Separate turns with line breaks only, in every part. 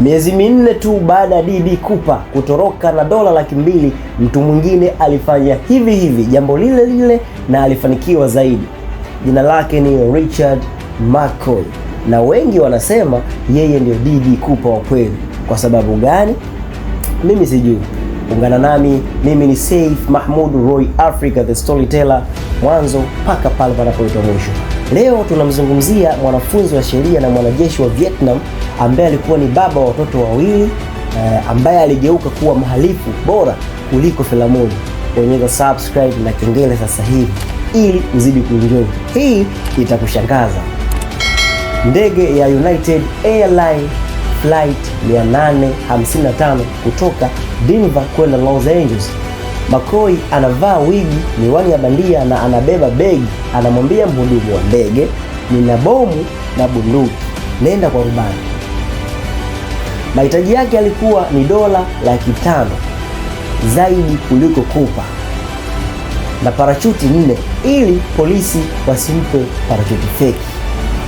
Miezi minne tu baada ya DD Cooper kutoroka na dola laki mbili, mtu mwingine alifanya hivi hivi jambo lile lile na alifanikiwa zaidi. Jina lake ni Richard McCoy na wengi wanasema yeye ndio DD Cooper wa kweli. Kwa sababu gani? Mimi sijui. Ungana nami, mimi ni saif Mahmud Roy, Africa the Storyteller, mwanzo mpaka pale panapoitwa mwisho. Leo tunamzungumzia mwanafunzi wa sheria na mwanajeshi wa Vietnam ambaye alikuwa ni baba wa watoto wawili eh, ambaye aligeuka kuwa mhalifu bora kuliko filamuni Bonyeza subscribe na kengele sasa hivi ili uzidi kuenjoy. Hii itakushangaza. Ndege ya United Airline flight 855 kutoka Denver kwenda Los Angeles. McCoy anavaa wigi, miwani ya bandia na anabeba begi. Anamwambia mhudumu wa ndege, nina bomu na bunduki, nenda kwa rubani mahitaji yake yalikuwa ni dola laki tano zaidi kuliko kupa na parachuti nne ili polisi wasimpe parachuti feki.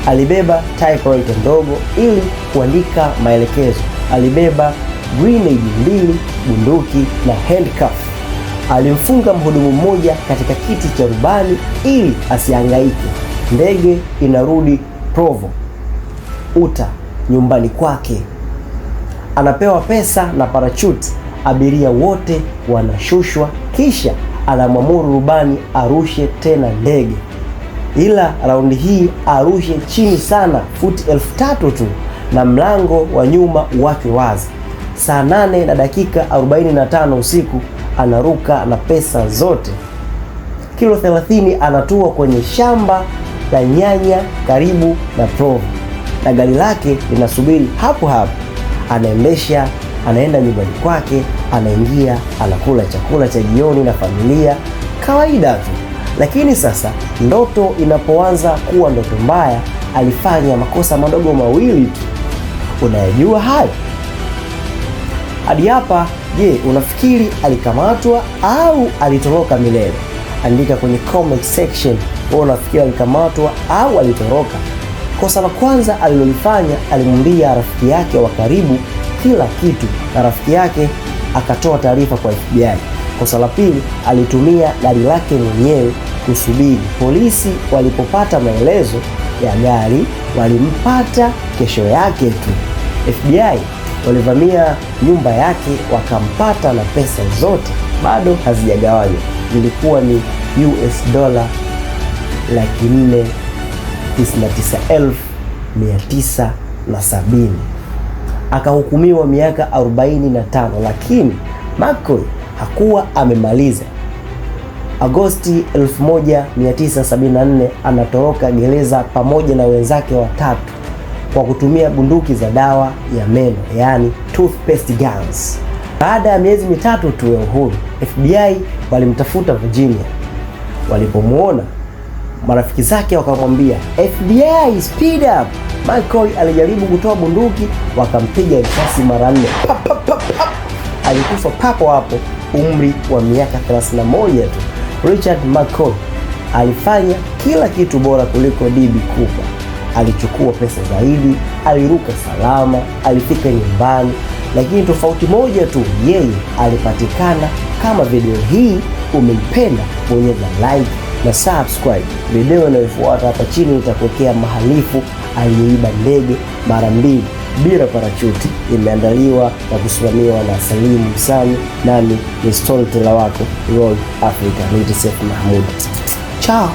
Alibeba typewriter ndogo ili kuandika maelekezo. Alibeba grenade mbili, bunduki na handcuff. Alimfunga mhudumu mmoja katika kiti cha rubani ili asihangaike. Ndege inarudi Provo, Utah, nyumbani kwake anapewa pesa na parachute, abiria wote wanashushwa, kisha anamwamuru rubani arushe tena ndege, ila raundi hii arushe chini sana, futi elfu tatu tu na mlango wa nyuma wake wazi. Saa nane na dakika 45 usiku anaruka na pesa zote, kilo 30, anatua kwenye shamba la nyanya karibu na Provo, na gari lake linasubiri hapo hapo anaendesha, anaenda nyumbani kwake, anaingia, anakula chakula cha jioni na familia kawaida tu. Lakini sasa ndoto inapoanza kuwa ndoto mbaya, alifanya makosa madogo mawili tu. Unayajua hayo? Hadi hapa, je, unafikiri alikamatwa au alitoroka milele? Andika kwenye comment section, wewe unafikiri alikamatwa au alitoroka? Kosa la kwanza alilolifanya, alimwambia rafiki yake wa karibu kila kitu na rafiki yake akatoa taarifa kwa FBI. Kosa la pili, alitumia gari lake mwenyewe kusubiri. Polisi walipopata maelezo ya gari walimpata kesho yake tu. FBI walivamia nyumba yake wakampata na pesa zote bado hazijagawanywa, ilikuwa ni US dola laki nne. 99970 akahukumiwa miaka 45, lakini Marcory hakuwa amemaliza. Agosti 1974 anatoroka gereza pamoja na wenzake watatu kwa kutumia bunduki za dawa ya meno, yaani toothpaste guns. Baada ya miezi mitatu tu ya uhuru, FBI walimtafuta Virginia. Walipomwona marafiki zake wakamwambia FBI speed up. Michael alijaribu kutoa bunduki, wakampiga risasi mara nne, alikufa papo hapo, umri wa miaka 31 tu. Richard McCoy alifanya kila kitu bora kuliko DB Cooper. Alichukua pesa zaidi, aliruka salama, alifika nyumbani, lakini tofauti moja tu, yeye alipatikana. Kama video hii umeipenda, bonyeza like na subscribe. Video inayofuata hapa chini itapokea mhalifu aliyeiba ndege mara mbili bila parachuti. Imeandaliwa na kusimamiwa na Salimu msani nami ni storyteller wako Roy Africa Mahmud. Chao.